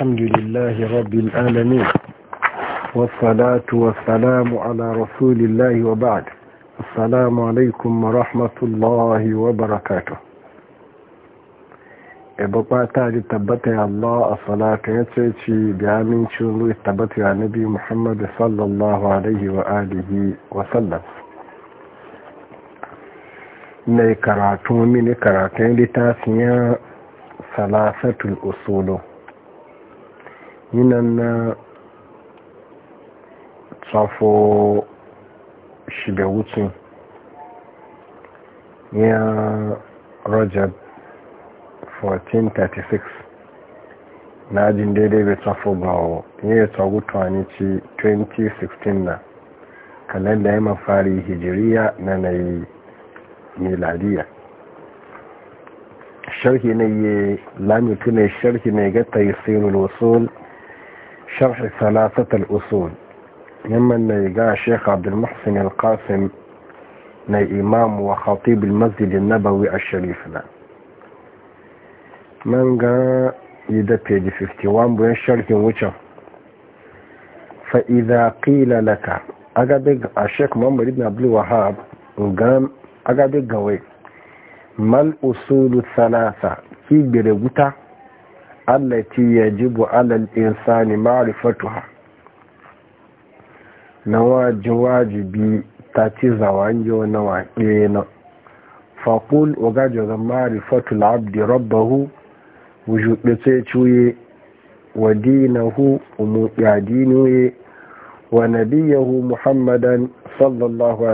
الحمد لله رب العالمين والصلاة والسلام على رسول الله وبعد السلام عليكم ورحمة الله وبركاته ibaba ta ji tabbata ya Allah a salatu ya ce ci da amincin ruwa tabbata ya Muhammadu sallallahu karatu mini karatun littafin ya salasatul usulu yinan na tsafo shida wucin ya rajab 1436 na ajin daidai bai tsafo gawo ya yi tsagutuwa ne ci 2016 na kalanda ya mafari hijiriya na na yi miladiya sharhi na yi lamitu ne sharhi ne ga taisirul wasul شرح ثلاثة الأصول يمن نيجا شيخ عبد المحسن القاسم ني إمام وخطيب المسجد النبوي الشريف من قا يدا بيج 51 بوين شرح وشا فإذا قيل لك أقابيق الشيخ محمد بن عبد الوهاب قام أقابيق قوي ما الأصول الثلاثة في برغوتا allati ya alal insani ma'rifatuha na wajin wajibi ta ci zawanjo na waƙe na faƙul wagajo zan ma'rifatul abdi rabbahu wujuɗe sai cuye wa dinahu umuɗa dinuye wa nabiyahu muhammadan sallallahu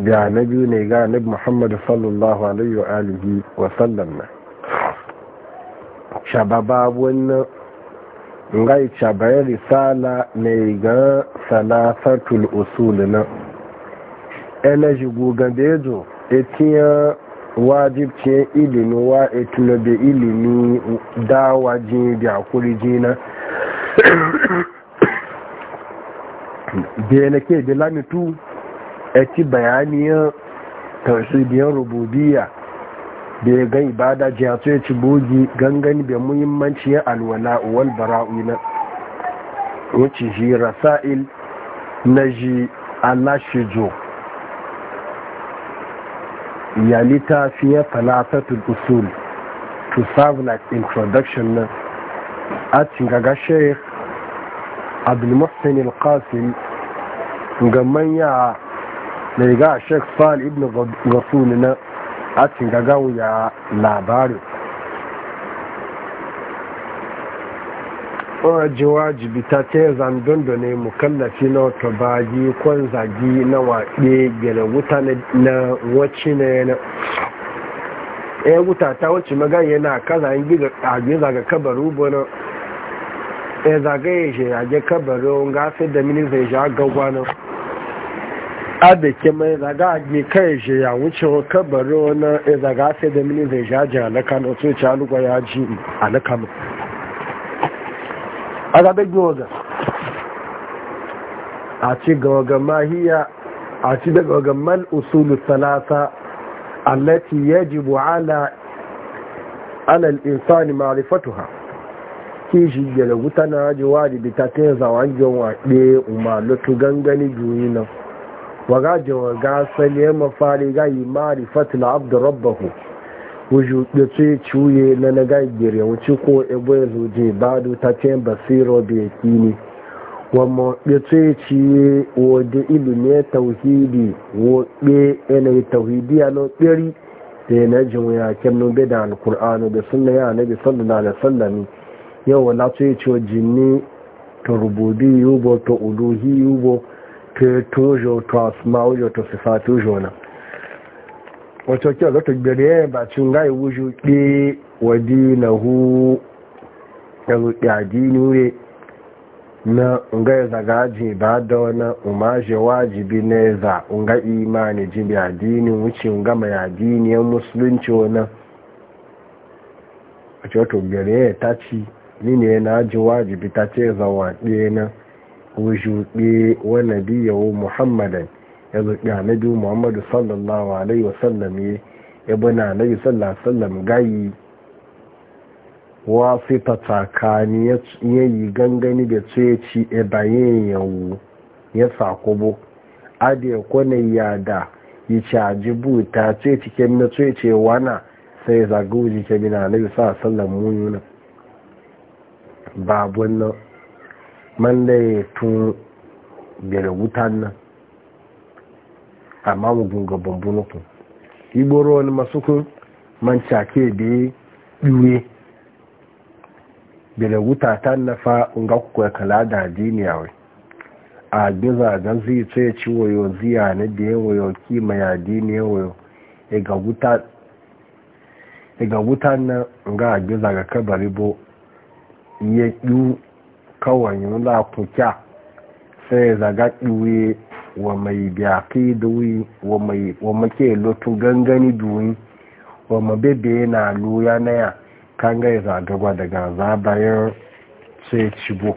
ga na biyu ne ga annabi muhammadu sallallahu alaihi wa alihi wa sallam na shababa wannan ngai shabayar risala ne ga salasatul usul na ene jigu gambezo wajib ce ilimi wa etinobe ilimi dawa jin bi akuri jina bene ke bi lanitu ci bayaniyar tarsibiyar rububiya da ya gan ibada jihatu ya ci bogi gangani da muhimmanci ya alwala wal bara'u na wuce shi rasa'il na ji Allah shi jo ya falatatul usul to serve like introduction na a cingaga sheikh abdulmuhsin al-qasim ga manya mai ga shek sal ibn rasul na a cingaga ya labarin ji wajibi ta ce zandon da ne mukallafi na otobagi baji kwan zagi na waɗe gina wuta na wacce na yana e, ya wuta ta wacce magan yana kaza yin gizo ga kabaru bana ya e, zagaye shi ya kabaru ga sai da minista ya shi a na. Ada ke mai zaga ne kai je ya wuce wa kabaro na e zaga sai da mini zai ja alaka na so ci alugwa ya ji alaka mu a zaɓe gwaga a ci gwaga mahiya a ci da gwaga mal usulu salasa allati yajibu ala ala al-insani ma'rifatuha kishi gele wuta na ji wajibi ta ta zawa gyan waɗe umarnu tu gangani duniya wagajin waga sani mafari ga yi mari fatila abdu rabbahu wuju da ce ciye na na gagir ya wuce ko ebo ya zuje ba da ta ce basiro da kini wamma da ce ciye wadda ilimin tauhidi wadda yanayi tauhidi a lokari da ya na jiwaya kemnu bai da alkur'anu da sunna ya nabi sallallahu alaihi wasallam yau wala ce ciye jini ta rububi yubo ta uluhi yubo ke tojo na wato ki ba cin ga na unga zaga ji ba da wani umaje wajibi na za imani ji bi adini wuce nga mai adini ya musulunci wani a cewa to gbere ta ci wajibi ta ce na وجوبي ونبيه محمدا يزق نبي محمد صلى الله عليه وسلم ابن النبي صلى الله عليه وسلم جاي wasita tsakani ya yi gangani da ce ci e bayan yawo ya sakubo adiya kone yada yi caji buta ce cikin na ce ce wana sai ya zagu jike mina na bisa sallan muni na babun nan man laye tun bere wutan nan amma mu gunga bambunu igboro wani masu kun man cake da ya ɗuwe bere wuta ta nafa nga kuwa kala da duniya wai a giza don zai tsaye ci wayo ziya na da ya wayo kima ya dini wayo e ga wuta e na nga a ga kabari bo iye ɗu kawai la kuka sai zaga ɗuwe wa mai biyaƙi duwi wa muke lotu gangani duwi wa mabebe na luya na ya kan gai zagagwa daga zabayar sai cibo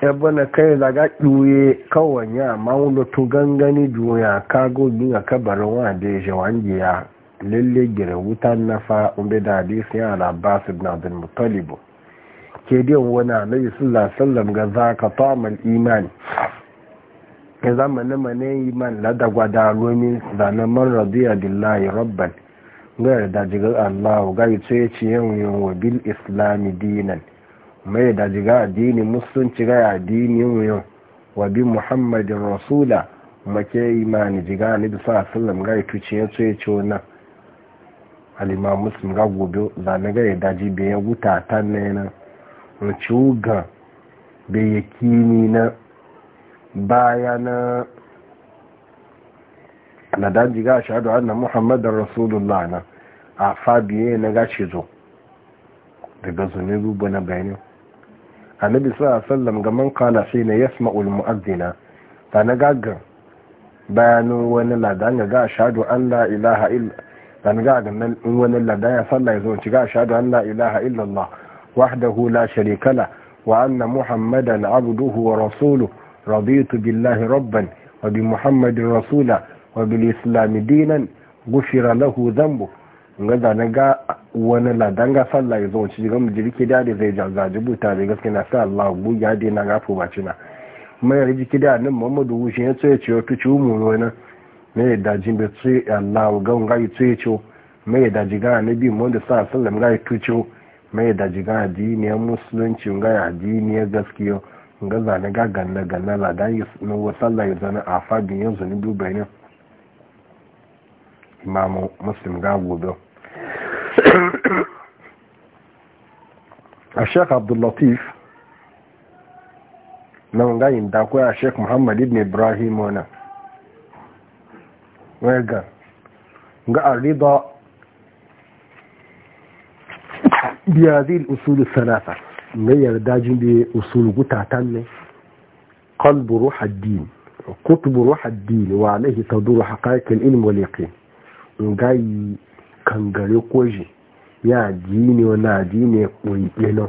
ebona kai zaga ɗuwe kawai ya ma'ulotu gangani duwi a kago yin a kabarin wa da ya shawangiya lalle gira wutan na fa umbe da hadisi ya na basu na bin mutalibu ke din wani annabi sallallahu alaihi wasallam ga zaka ta'amal iman. ya zama na mane iman lada gwada romi zanen man radiya billahi rabban ga yarda jigar allah ga yi ce ce yin wa bil islami dinan mai da jiga addini musulunci ga addini yin wa bi muhammadin rasula make imani jiga ni bisa sallam ga yi tuce ya ce ce wannan alima muslim ga gobe zane gare daji bai ya wuta ta na yana wacce ga bai ya kini na baya na na daji ga shaɗu annan muhammadin rasulullah na a fabiye na gashi zo daga zune rubu na bayanin annabi a sallam ga man kala sai na yasma'ul mu'azzina ta na gaggan bayanin wani ladan ga shaɗu an la ilaha illa dan ga ga nan in wani lada ya sallah ya zo ci ga shahadu an la ilaha illallah wahdahu la sharika la wa anna muhammadan abduhu wa rasuluhu raditu billahi rabban wa bi muhammadin rasula wa bil islam dinan gufira lahu dhanbu ga da na ga wani ladan ga sallah ya zo ci ga mu jirki da da zai jazaji buta da gaskiya na sai Allah bu ya dina ga fu bacina mai rijiki da nan Muhammadu wuce ya ce ya ce to ci mu wannan mai daji bai tsaye Allah ga ngai tsaye ciwo mai daji ga annabi Muhammad sallallahu alaihi wasallam ga tuciwo mai daji ga addiniyar musulunci ga addiniyar gaskiya ga zane ga ganna ganna la da yi na wasalla ya zana a fadin yanzu ni dubai ne imamu muslim ga gobe a sheikh abdullatif na wangayin dakwai a sheikh muhammad ibn ibrahim wannan wegar ga arriba biya zai usulu salasa na yarda jin da usulu gutatan ne قلب روح الدين كتب روح الدين وعليه تدور حقائق العلم واليقين ngai kangare koji ya dini wani adini ƙunƙinan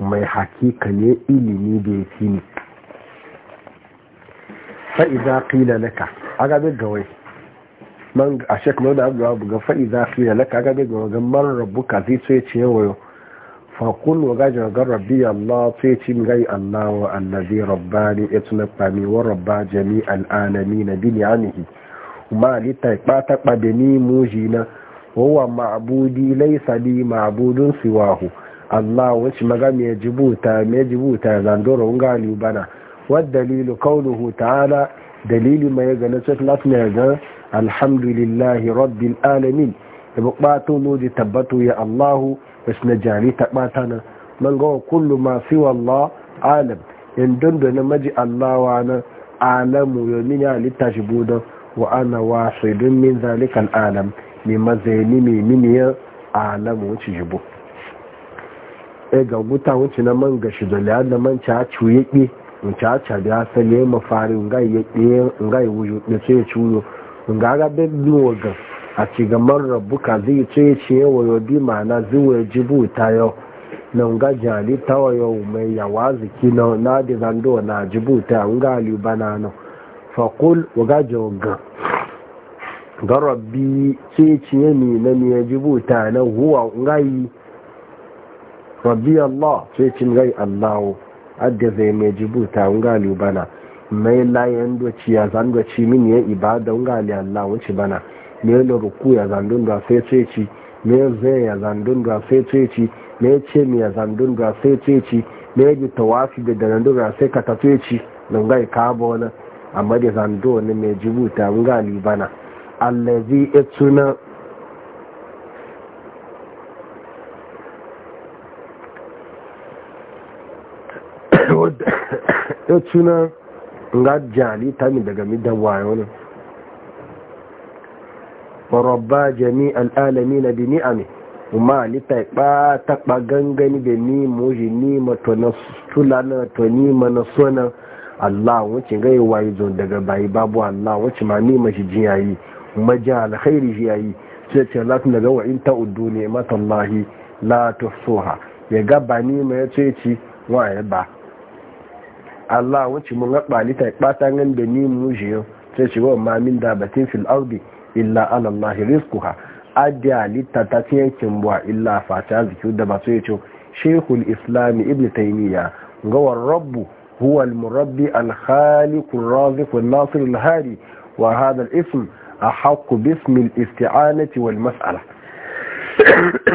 mai hakika ne ilimi da ya fi ne fa'iza ƙila naka agabe gawai man a shek mai da abuwa buga fa'i za su yi laka gabe ga wajen man rabu ka zai tsaye ci yan wayo fakul wa gajin wajen rabbi allah tsaye ci gai allah wa allazi rabbani ya fami wa rabba jami na bi ni'amihi ma lita ya kpata kpade ni muji na wawa ma'abudi laisa bi ma'budun siwahu allah wacce maga mai jibuta mai jibuta zandoro bana wa dalilu kaunuhu ta'ala dalili mai ganin sai latin ya alhamdulillahi rabbil alamin da buƙato loji tabbato ya allahu da suna jari ta nan man gawa kullum masu wallah alam in na maji allawa na alamu yomin ya halitta shi budan wa ana wasu min zalikan alam mai mazaini mai miniyar alamu wuce jibo e ga guta wuce na man gashi da liyar da man ca cuye ƙi in ca ca da ya ya mafari ngai wuyo da ce ya nga ga da biwa ga a ci gaman rabuka zai ce ce yau bi ma'ana zuwa jibu ta yau na nga jali ta wayo mai yawa ziki na na da zando na jibu ta nga ali bana na nan fakul ga joga ga rabbi ce ce ni na ni jibu ta na huwa yi rabbi allah ce ce yi allah adda zai mai jibu ta nga ali bana mai layan doci ya zandoci min ya ibada nga ali Allah wuce bana mai da ruku ya zandun da sai ce ci mai zai ya zandun da sai ce ci mai ce mi ya zandun da sai ce ci mai ji tawafi da da zandun da sai ka tafe ci don ga ka bo na amma da zando ne mai jibuta nga ali bana allazi etsuna wadda tuna nga jali tami daga mi da wayo ne wa rabba jami al'alami na bi ni'ami umma li ta ba ta ba gangani da ni mo ji ni ma to na tula na to ni ma na sona Allah wace ga yi zo daga bayi babu Allah wace ma ni ma shi jiyayi ma ji alkhairi sai ce Allah tun daga wa in ta uddu ne matallahi la tuhsuha ya ga ba ni ma ya ce ci wa ya ba Allah wacce mun ga ta bata nan da ni mu jiyo sai ce wa ma min da batin fil ardi illa ala Allah rizquha adya li ta yankin buwa illa fata zikiyu da ba su yace Sheikhul islami ibn taymiya gawar rabbu huwa al-murabbi al-khaliq al raziq al nasir al-hadi wa hada al-ism al isti'anati wal masala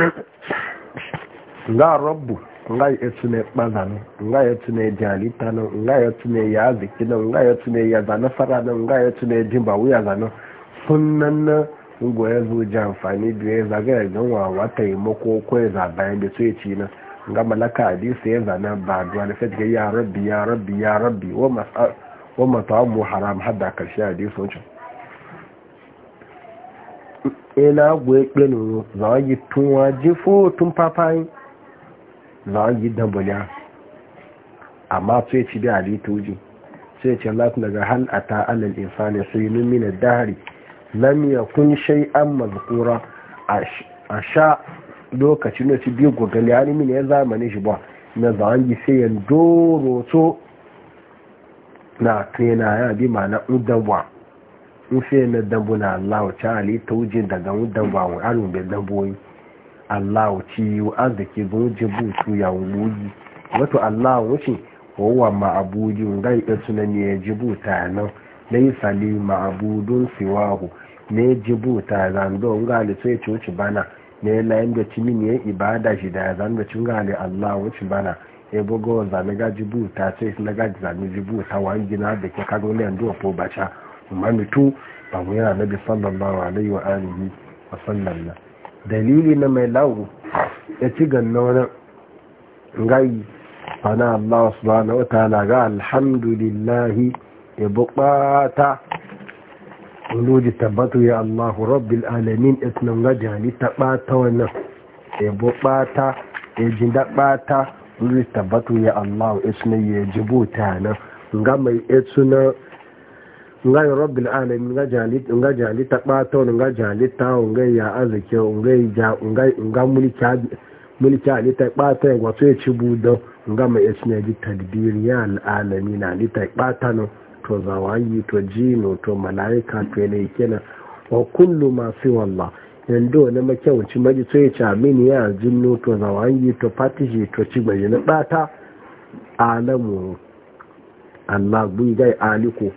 ga rabbu nga ya tune ɓazanu nga ya tune jalita nan nga ya tune ya ziki nan nga ya tune ya zana fara nan nga ya tune jimba wuya zana sunan na ngo ya zo ji amfani biyu ya zaga ya nwa wa wata yi mako ko ya zaba ya beto ya ci na nga malaka hadisi ya zana ba duwa na fetike ya rabbi ya rabbi ya rabbi wa matawa mu haram hadda karshe hadisi wancan ina gwe kpenu yi tun waje fo tun papayin za a yi dabbaliya amma sai ci da alitoji sai ce Allah daga hal a ta'alal insani sai na dahari kun shai an mazukura a sha lokacin da su biyu gogali hali mini ya zamani shi ba na zangi sai ya doro so na kena ya bi ma na udawa in sai na dambu na Allah a ali ta wujin daga udawa wani alubin bai damboyi Allah ci yi arziki zo jibutu ya wuluyi wato Allah wuce kowa ma'abudin gai ɗin suna ne ya jibuta nan na yi sali ma'abudun siwahu ne jibuta zando gali sai ci wuce bana ne layin da cimi ne ibada shi da zando cin gali Allah wuce bana e bugo zane ga jibu jibuta ce na ga zane jibuta wani gina da ke kago ne yanzu ko bacha umma mitu ba mu yana nabi sallallahu alaihi wa alihi wa sallam dalili na mai lagu ya ci ganna wani gai ana Allah na wata na ga alhamdulillahi ya bukata uluji tabbatu ya Allah rabbil alamin itnan ga jali ta bata wannan ya bukata ya jinda bata uluji tabbatu ya Allah ismi ya jibuta nan ga mai etsuna nga yi rabbi alamin nga jalit nga jalita wani nga jalita nga ya azake nga ja nga nga mulki a alita bato ya wato ya ci budo nga mai ya cinye ji tadbir ya na alita bata no to zawayi to jino to malaika to yi kenan wa kullu masu fi wallah yando na makyawanci maji to ya ci amin ya jinno to zawayi to fatiji to ci gbaje na bata alamu Allah bai gai aliku.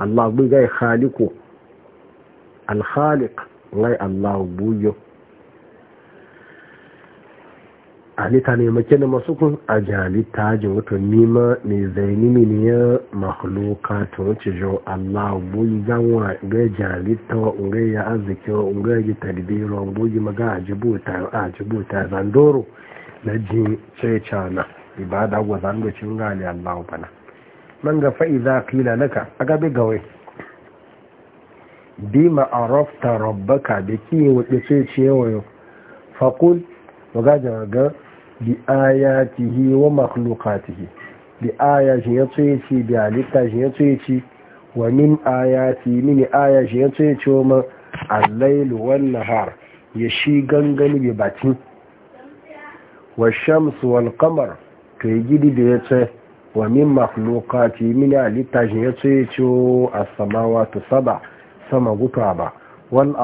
Allah bu gai khaliku al-khaliq ngai Allah buyo alita ne make da masu kun a jalita ji wato nima mai zaini mini ya makhluka ta wace jo Allah buyi ganwa ga jalita wa unga ya arziki wa unga ya tarbiyar wa maga a jibuta a zandoro na ibada wa zando cin Allah bana man ga fa'iza kila laka a gabe gawai bi ma'arafta rabbaka da kiyin wadda ce ciyewayo faƙul magajin ga bi ayatihi wa makhlukatihi bi aya shi ya tsoye ci bi halitta shi ya tsoye wa min ayati mini aya shi ya tsoye ci ya shi gangani bi batin wa shamsu wal qamar to yi gidi da ya tsaye wa min makhluqati min alitajin ya ce a as-samawati saba sama gutuwa ba wal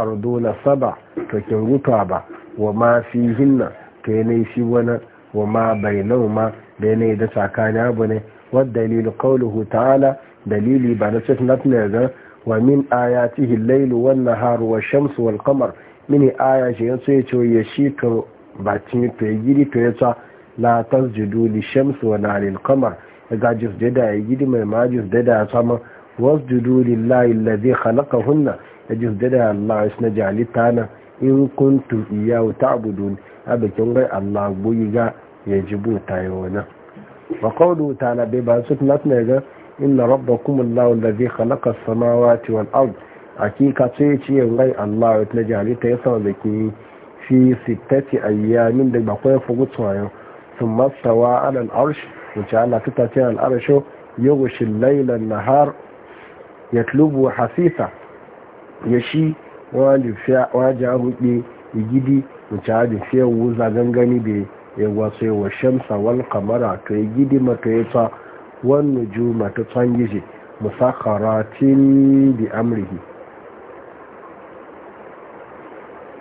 na saba to kin gutuwa ba wa ma fihinna to ne shi wani wa ma bainahuma da ne da tsakani abu ne wad dalilu qawluhu ta'ala dalili ba na cikin latin ga wa min ayatihi al-layl wan nahar wa shamsu wal qamar mini aya shi yanzu ya ce ya shi to ba to ya gidi to ya ta la tasjudu li shamsu wa lil qamar ga jusdada ya gidi mai ma jusdada ya sama wasu zai lillahi allazi khalaqahunna da jusdada Allah ya na jalita na in kuntum iyyahu ta'budun bikin rai Allah goyi ga ya ji jibo tayona wa wuta na bai ba su tuna ne ga inna rabbakum zai allazi khalaqa as-samawati wal ard hakika sai ce rai Allah ya sna jalita ya sama zaki fi sittati ayyamin da bakwai fugu yau sun mastawa alal arshi wuce Allah ta tafi al’arasho ya wushe lailan nahar ya hasifa ya shi wajen ruɗe da gidi wuce hajji wuza gangani da ya wasu ya wa shamsa wani kamara to ya gidi mata ya ta wani ta mata tsan gizi musakaratin da amurki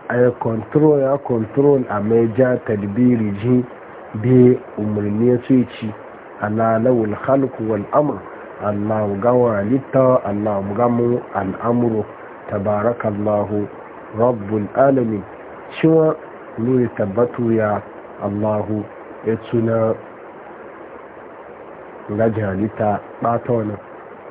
a ya control ya control a major tadbiri ji be umarni ya ci ala lawul khalqu wal amr Allah ga walita Allah gamu mu al'amru tabarakallahu rabbul alamin shiwa ne tabbatu ya Allahu ya tuna ga jalita bata wannan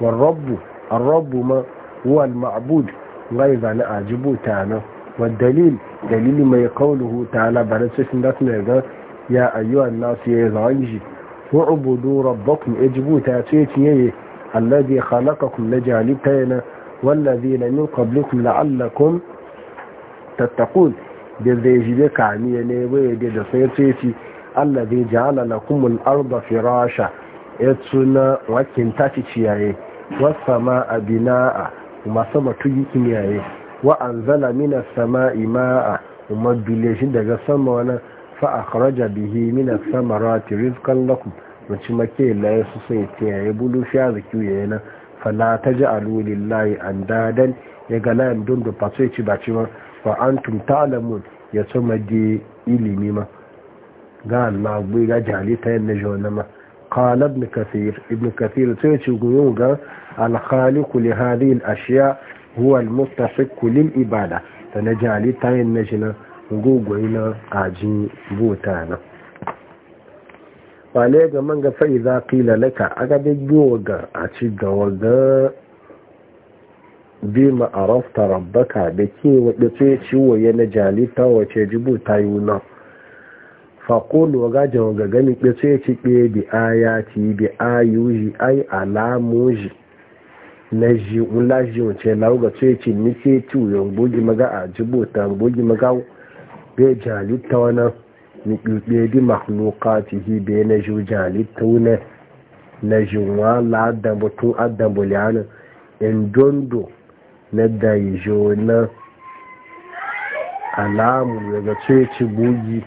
wal rabbu ar rabbu ma huwa al ma'bud gai zani ajibu ta nan والدليل دليل ما يقوله تعالى بنا سيسن داتنا يا أيها الناس يا وعبدوا ربكم اجبوا تاتيتي الذي خلقكم لجانبتين والذين من قبلكم لعلكم تتقون بذيجي كعمية نيوية جدا سيتيتي الذي جعل لكم الأرض فراشا يتسونا وكين تاتيتي والسماء بناء وما سمى تجيكي وأنزل من السماء ماء وما بليشن دقا سمونا فأخرج به من الثمرات رزقا لكم mace make la su sai ta yaya bulu fiya zakiyu yana fala layi an andadan ya ga layin don da fasoyi ci ba ci ma wa antum ya so di ilimi ma ga Allah gbe ga jali ta yana wani ma qala ibn kathir ibn kathir sai ci guyu ga al kuli li ashiya huwa mustafi kulin ibada ta na jali ta yana na gugu na ajin bota na wale ga man ga fa'i za yi lalaka aga ga biyo ga a ci gawa ga bi ma'arafta rabbaka da ke wadda ce ciwo ya na jalita wace jibu ta yi wuna faƙon wa gajin waga gani ce ci ɗe bi ci bi ayuji ai ji na ji wula ji wace lauga ce ci nike ciwo yan bugi maga a jibu ta bugi maga bai jalita wannan nuɗuɗe di mahlukatihi be na ju jalittu na jinwa la adambo tun adambo liyanu in dondo na dayi na alamu daga ceci bugi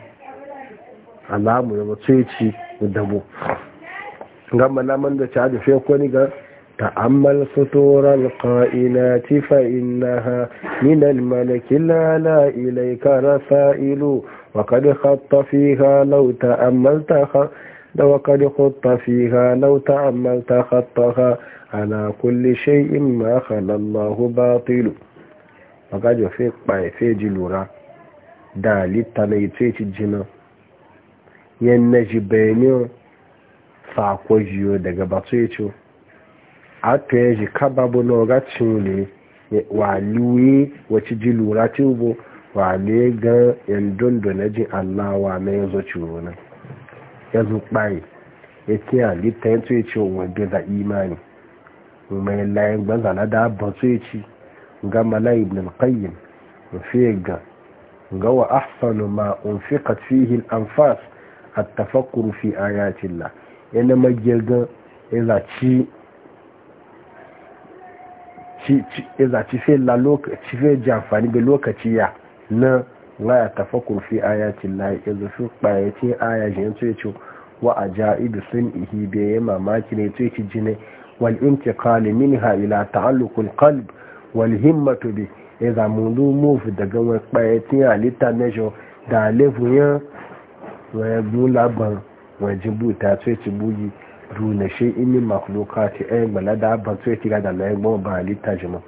alamu daga ceci dabo gama na man da ci hajji fiye kwani ga ta'ammal fitoran ƙa'ilati fa innaha minal malaki lala ilaika rasa'ilu وقد خط فيها لو تأملت وقد خط فيها لو تأملت خطها على كل شيء ما خلى الله باطل وقد في فيج لورا دالت تنيتيت جنا ينجي بينيو sakwajiyo daga batsoyico a to ya ji kababu na ogacin ne wa liwe wacce ji lura tubo wale ga yandun da na ji Allah wa na ya zo ciwo nan ya zo ɓaye ya ce lita ya tsoye ce wanda za imani mai layin gbanza na da ba tsoye ci ga malayi bin al-qayyim fi ga ga wa ahsanu ma ka fihi an anfas a tafakkur fi ayati la yana magirgan ya ci ci ci ci fi la lokaci fi jamfani amfani da lokaci ya na la tafakur fi ayatin lahi yanzu su bayace ayajin yanzu ya ce wa a ja'idu sun ihi da ya mamaki ne to yake jine wal intiqali minha ila ta'alluqul qalb wal himmatu bi idza mundu move daga wani bayatin halitta na jo da lefu ya wani bula eh, ban wajin buta to yake bugi duna shi ini makhluka ce ayin balada ban to yake ga da layin gbọn ba halitta jima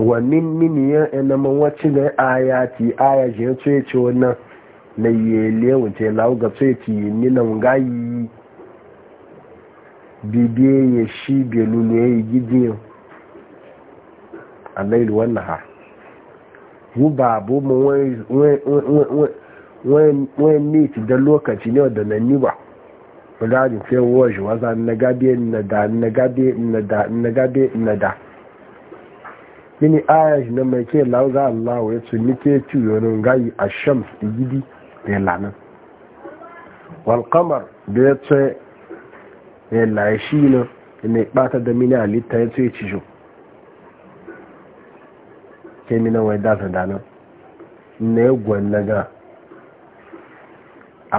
wa min miniyan enama wacce na ayati aya je ce ce wannan na yele wuce lau ga ce ti ni na ngai bibiye ya shi belu ya yi gidiyan alayl wan nahar hu babu mu wani niti da lokaci ne da nan ni ba wadda waza fiye wa shi wasa na gabe na da na gabe na da mini ayaj na mai ke lauza Allah ya ce nike ci yonin gayi a shams da gidi da lanin walƙamar da ya ce ya laye shi ne mai ɓata da mini halitta ya ce ci shi ke mina wai dasa dana na ya gwanna ga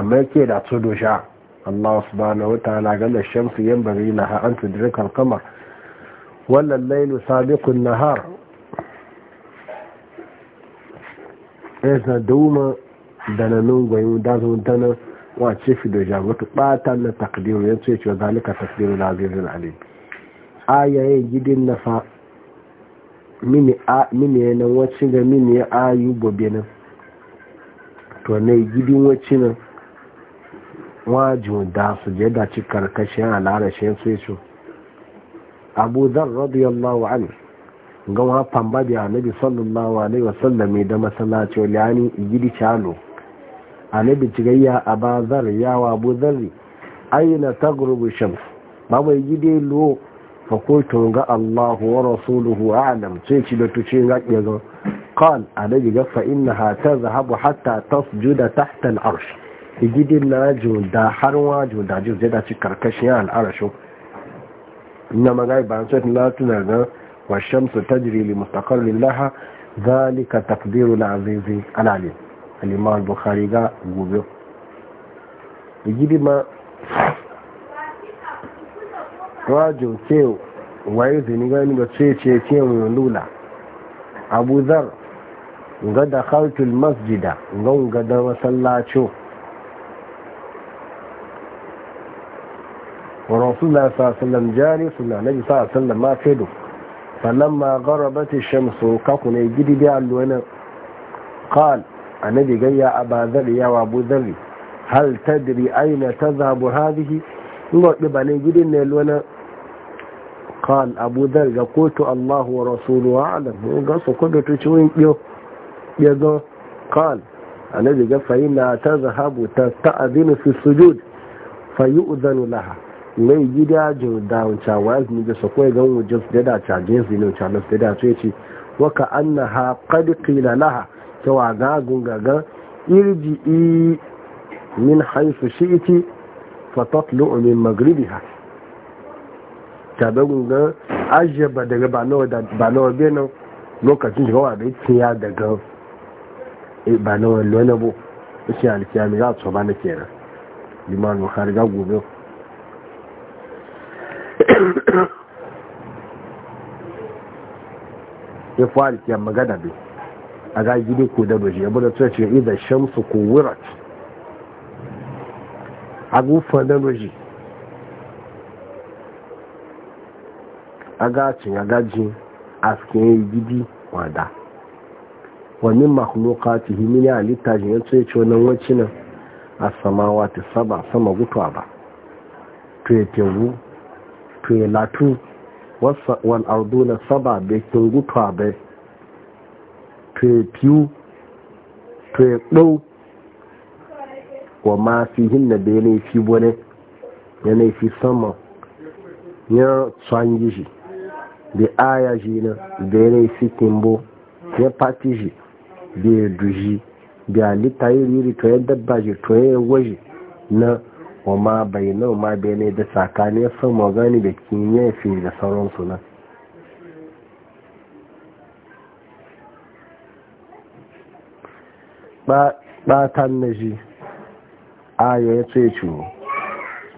mai ke da tudu dosha Allah ba na ta'ala ga da shamsu yan bari na ha da rikar kamar wannan lailu sabikun nahar esa duma da na nungwayin da zo dana wace fi da jagwata ɓata na takdiru ya ce cewa zalika takdiru e e na azizin alim ayaye gidin na fa mini ya nan wacce ga mini ya ayu bobe nan to ne gidin wacce nan wajin da su je da ci karkashin alarashin sai su abu zan radiyallahu anhu ga wa pamba bi annabi sallallahu alaihi wasallam da masallaci wani gidi chalo annabi tigayya aba zar yawa abu zarri aina tagrubu shams babu gidi lo fa qultu ga Allahu wa rasuluhu a'lam sai ci da tuci ga yazo qal annabi ga fa innaha tazhabu hatta tasjuda tahta al-arsh igidi na da har wa joda da ci karkashin al-arsh na magai ban sai na tunar ga والشمس تجري لمستقر لها ذلك تقدير العزيز العليم الإمام البخاري قال قوبي يجيب ما راجل سيو وعيزي نقال نقال شيء شيء شيء ويولولا أبو ذر ga da khartul masjida gan ga da masallacin wa rasulullah sallallahu alaihi wasallam jari sunna nabi sallallahu alaihi wasallam ma fedo فلما غربت الشمس كاكونا يجدي دي اللونا قال النبي قال يا أبا ذر يا أبو ذر هل تدري أين تذهب هذه نقول بني يجدي اللونا قال أبو ذر قلت الله ورسوله أعلم قال سكوت تشوين يو يو قال دي جاي فإنها تذهب تستأذن في السجود فيؤذن لها mai gida da wuce wa yanzu da sakwai gan wajen su da caje ne wuce na su da ce ce waka an na ha kadi kila laha wa gagun gagan irji i min haifu shi iti fatatlu lo'omin magribi ha ta tabe gungan ajiye ba daga ba na wabe nan lokacin shi kawai da ya daga eh, ba na wani lonabo shi alkiyami za su ba na kenan liman bukhari ga gobe ya fara kiyar magana bai a ga gidi ko da doji abu da tsoci ya idan shamsu ko wurat a gufa da doji a gacin a gajin askin ya yi gidi wada wani makulokati himini a littajin ya tsoci wannan wacinan a samawa ta saba sama gutuwa ba to ya tewu to latu wal na saba be tungu to be to piu to wa ma fi hinna be ne fi bone ya ne fi sama ya tsangi shi da aya shi na da ya ne fi kimbo ya pati shi da ya duji da ya lita riri to ya dabba shi to ya waje na wa ma bai nau ma bai ne da tsakanin sun magani da kinye fi da sauransu nan ta naji a yi ya ce ciwo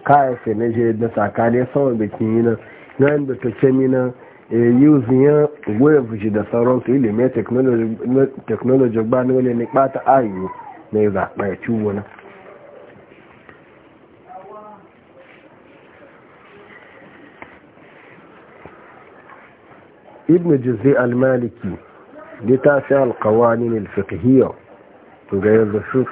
kayan fi na je da tsakanin sun da kinye nan nan da ta ce mina yuziyan e, wave fushi da sauransu ilimin technology ba ne wale ne ɓata ayu na ya zaɓa ya ciwo nan ibn juzai al-maliki littafin alkawanin fi fiqhiyya ga yanzu su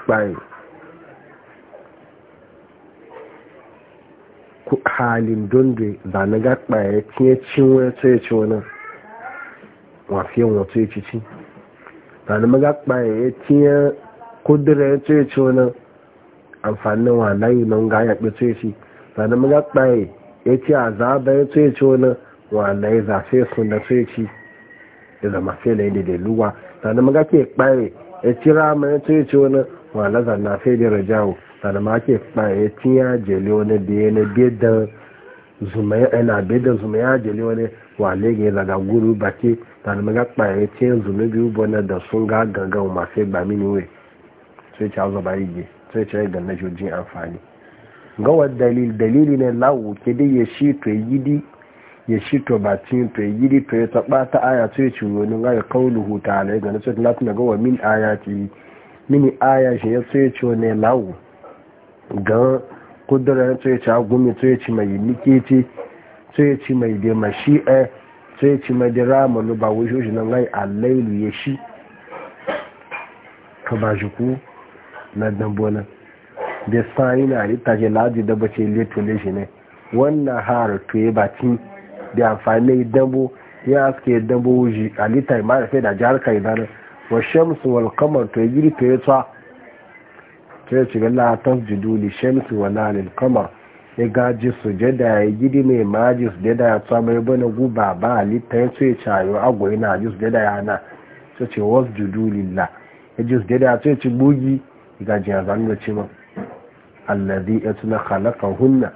halin donde ba na gaɓa ya cinye cinwe to ya ci wani wafiyan wato ya ci ba na magaɓa ya cinye kudura ya to ya ci wani wa layi nan ga ya ci ba na ya ci azaba ya to ya wanda ya zafe su na soci da zama fela yadda da luwa sannan maga ke kpare ya cira ma ya soci wani na zanna fe da rajawo sannan ma ke kpare ya tiya jeli wani da ya na bedan zuma ya na bedan zuma jeli wani wa ga ya zaga guru baki sannan maga kpare ya tiya zuma biyu bane da sun ga wa ma fe ba mini we soci a zaba yi soci ya ganna jojin amfani ga wa dalil dalili ne lawo ke dai ya shi to yi di ya shi to ba cin to yi to ya taba ta aya to ya ci wani ga ya kauluhu ta'ala ga nasu latin ga wa min yi mini aya shi ya to ya ci wani lawo ga kudura to ya ci agumi to ya ci mai nikiti to ya ci mai da mashi'a to eh, ya ci mai dira ramalu ba wujo shi nan ga allailu ya shi ka ba shi ku na dambona da yi na rita ke laji da bace leto ne shi ne wannan har to ya cin da amfani dambo ya aske dambo wuji a halitta imani sai da jihar kaidan wa shamsu wal kamar to ya giri to ya tsa to ya shiga la tasjudu li shamsi wa la lil kamar ya gaji su jada ya gidi mai maji su jada ya tsa mai bane guba ba a halitta ya tsaye cayo agwai na ji jada ya na sai ce wasjudu lillah ya ji jada ya tsaye ci bugi ga jihar zanen da ce ma allazi ya tuna khalaqahunna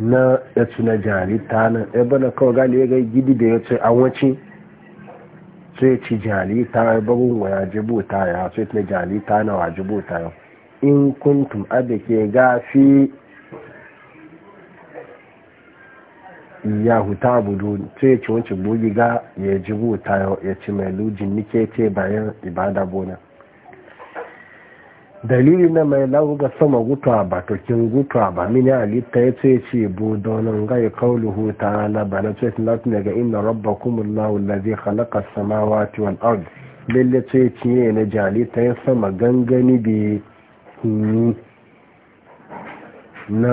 na etu na taa na ebe na kawai gali ga gidi da ya ce an wace sai ci jarita ya bagun wa ya jibuta ya sai na jarita na wa jibuta ya in kuntum abe ke gafi yahu ta budu sai ci wancin bugi ga ya jibuta ya ci mai lujin nike ce bayan ibada bonan dalili na mai lauga sama gutuwa ba tokin gutuwa ba mini alitta ya ce ce bu donin gai kauluhu ta'ala ba na ce latin daga inna rabba kumullahu lazi halaka wati wani ard lalle ce ce ne na ta ya sama gangani bi na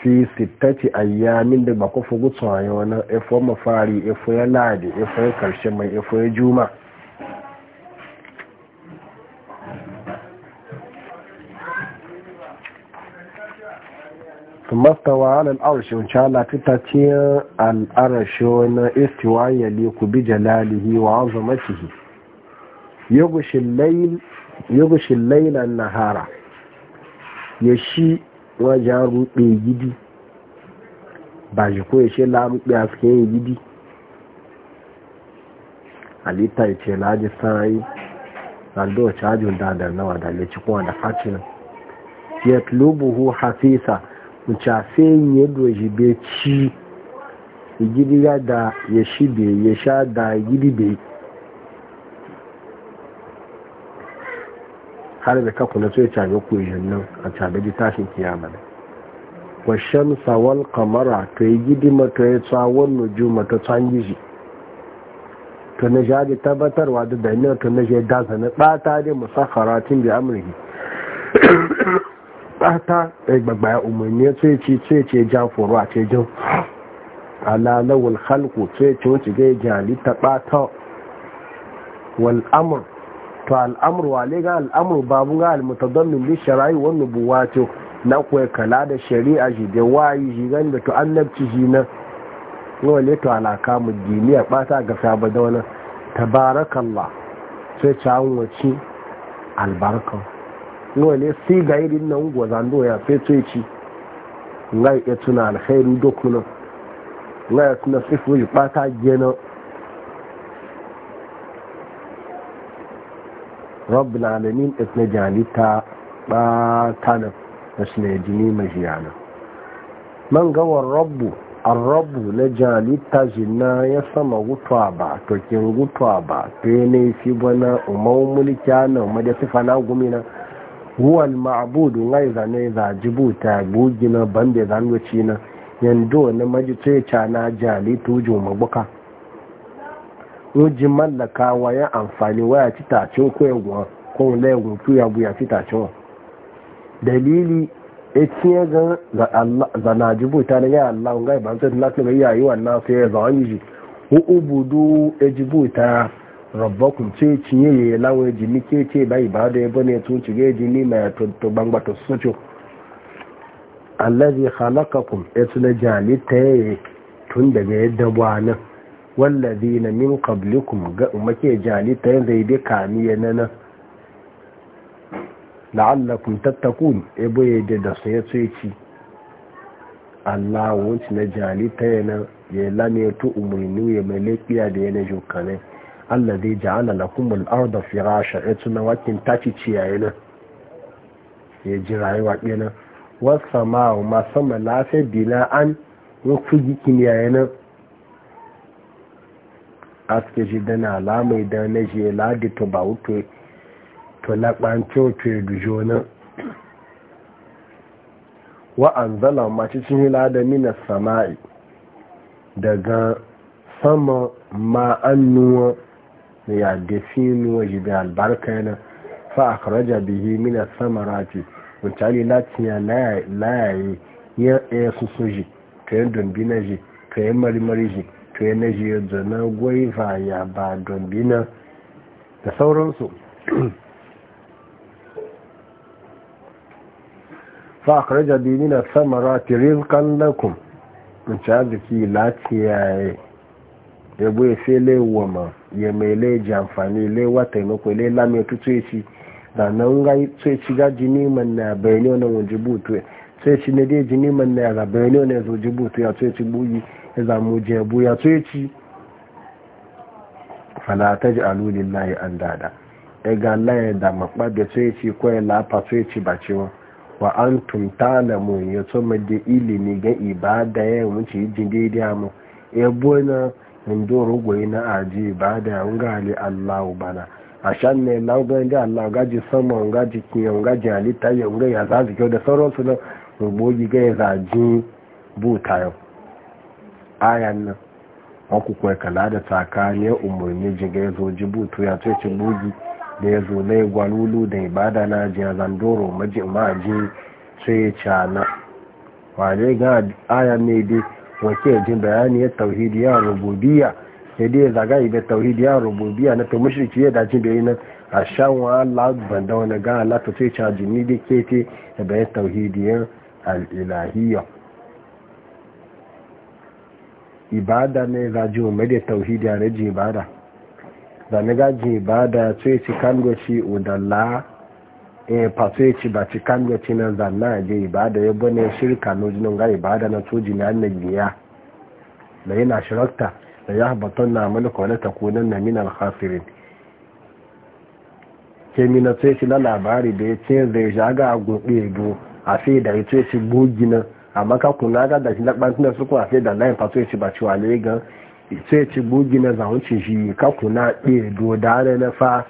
fi ce ayyamin da ba kufa gutuwa ya wani efo mafari efo ya ladi efo ya karshe mai efo ya juma'a mastawa alal arshi wancan ala ta ce al arshi na istiwa ya ku bi jalalihi wa azamatihi yugushi lailan nahara ya shi wajen ruɓe gidi ba shi ko ya ce laruɓe a suke yin gidi halitta ya ce laji sa'ayi randowa cajin dadar na da ya ci kuma da facinan ya tlubuhu hafisa nchafenyi edoji be chi igiriga da ya yesha da igiribe har da kaku na tsoye cabe koyin nan a cabe ji tashin kiyama ne washen sawal kamara to yi gidima to ya tsawon nujuma to tsan gizi ta na sha da tabbatarwa da daimiyar to na sha dasa na ɓata da tun da amurki tsata gbagba ya umarni tsoye ce ce ja foro a cejin alalawar alalawul halku tsoye ce wacce ga ya jali ta ɓata wal to al'amur wale ga al'amur babu ga min bi shara'i buwa ce na kuwa kala da shari'a shi da wayi shi gan da to annabci shi na wale to alaka mu a bata ga sabada wannan tabarakallah sai ta wace albarkar ne sai ga irin nan gwazando ya feto ci nga ya tuna alkhairu dokuna nga ya tuna sifu ji fata gena rabbul alamin isna ta ba tana isna jini yana man gawar rabbu arrabu na jalita jina ya sama gutuwa ba to kin gutuwa ba to yi fi bana umar mulki na umar da sifa na gumina huwal ma'budu ngai zane za jibuta bugina bambe zanwaci na yando na majiceca na jali tuju mabuka wujin mallaka wayan amfani waya citacin kwayarwa ko lagun tuya buya citacin wa dalili etinye gan zana jibuta na yaya allah ngai ba zai lafi ga yayi wannan sai ya zawon yi ji ubudu ejibuta rabbakun ce cinye ya lawo jini ke ce bai ba da ya bane tun cige jini mai tuntun bangbata soco allazi khalaqakum jali ta yayi tun daga yadda bwana wallazi na min qablikum ga umake ta yayi zai bi kamiya nan la'allakum tattakun ya boye da da sai tsoyici Allah wuce na jalita yana ya lame to umurni ya mai lafiya da yana jokane Allah zai ja'ala lakum al-arda firasha etuna wakin taci ciyayi nan ya ji rayuwa ɗina wasa ma ma sama lafiya bina an wasu jikin yayi nan aske ji dana alamai da na ji ladi to ba wuce to na ɓance wuce dujo nan wa an zala mace cin da mina sama'i daga sama ma'annuwa da ya defini waje da albarka yana fa a karaja bihi mina samarati mutane ya layaye ya ya su soji to yin dombi ji to yin marimari ji to yin na ji yadda na gwaiva ya ba dombi da sauransu fa a karaja bihi mina samarati rizkan lakum mutane da ya latiya yabo ya sai lai wama ya mai eji anfani ile wata mako lai lami tu tsoci da nan ga tsoci ga jini man na bayani wannan wajen butu tsoci ne dai jini man na ga eze oji bu utu ya tsoci buyi ya zamu je bu ya tsoci fala taj'alu lillahi andada e ga Allah ya e da makpa da echi ko ya apa tsoci ba cewa wa antum talamun ya tsoma da ilimi ga ibada ya wuce jin daidai mu e na. ndoro gwai na aji ba da ngali Allah bana ashan ne na ga inda allahu ga ji sama ga ji kiyo ga ji halitta ya ga ya za su da sauran su nan bogi ga ya zaji buta yau ayan nan aku kwai kala da tsakani umurni ji ga ya zo ji butu ya ce ci bogi da ya zo na gwalulu da ibada na ji zandoro maji ma ji sai ya cana wale ga ayan ne dai wake jin bayani ya tauhidi ya ya dai zaga ibe tauhidi ya rububiyya na to mushriki ya dajin da yana a shan wa Allah banda wani ga Allah to sai cha jini da kete da bayan tauhidiyar al-ilahiyya ibada ne zaji ji umar da tauhidi ya rage ibada da ga gaji ibada sai ci kan goshi udalla e eh, faso ya ci ba ci kan ya ci na zanna je ibada ya bane shirka no jinin ga ibada na toji na annabi ya da yana shirakta da ya habbatan na malaka wala takunan na min al-khasirin ke mina sai ci la labari da ya ce zai jaga a gobe go a sai da ya ce ci gogina amma ka kuna ga da shi na bantunan su kuma sai da layin faso ya ci ba ci wale gan sai ci gogina zaunci shi ka kuna ɗe do da na fa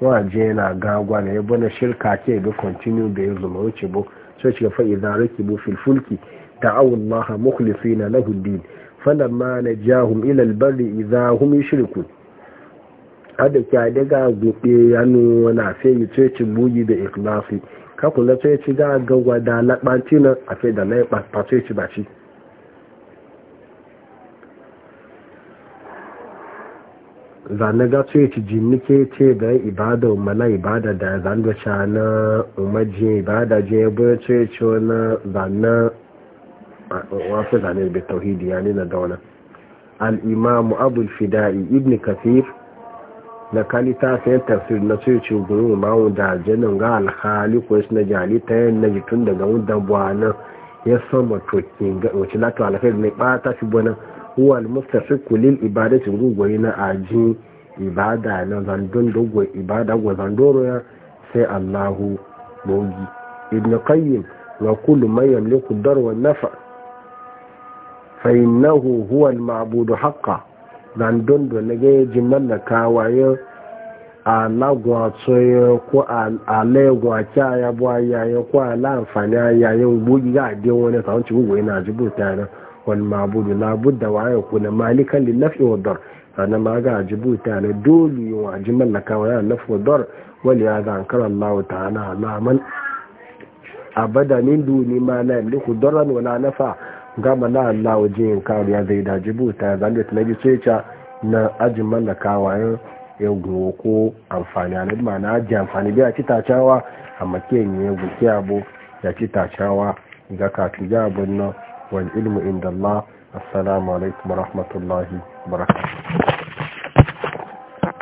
waje na gagwa na yabo na shirka ke bi continue da ya zuma wuce bo sai shiga fa idan raki bu fil fulki da'awu allaha mukhlisina lahu din falamma najahum ila al barri idha hum yushrikun hada kya daga gobe yanu na fe yi ce buji da ikhlasi kakun da ce ci ga gagwa da labanci a afe da na ba ce ci ba ci zane ga su yaci jinnike ce da ibada umala ibada da zan da cha na umaji ibada je bu ce yaci wani wa fi zane da tauhidi ya nuna da wani al'imamu abul fida'i ibn kafir na kalita sai tafsir na su yaci guru ma'u da janin ga alhali ko na jali ta yin na jitun daga wudan buwanan ya sama tokin ga wacin latin alfahari na ɓata shi buwanan huwa al-mustafiq lil ibadati rugoyi na aji ibada na zandun dogon ibada go zandoro sai Allahu bogi ibn qayyim wa kullu man yamliku dar wa nafa fa innahu huwa al-ma'budu haqqan zandun do nage jinnan da kawaye alagwa tsoye ko a kya ya bu yayin ko ala amfani yayin bugi ga de wani tawon ci gugu ina jibuta na wani ma'budu la budda wa yakuna malikan lin naf'i sannan ma ga jibuta ne dole yi wa ji mallaka wa yana lafi wadar wani ya ga ankara Allah ta'ala alaman abada min duni ma la yamliku darran wala nafa gama la Allah wajen kawai ya zai da jibuta zanda ta nabi sai ta na ajin mallaka wa yana ya gowo ko amfani a nan mana aji amfani biya ci tacawa a makiyan ya guki abu ya ci tacawa ga kafin ya abun wani ilmu inda Allah assalamu alaikum rahmatullahi Por acá.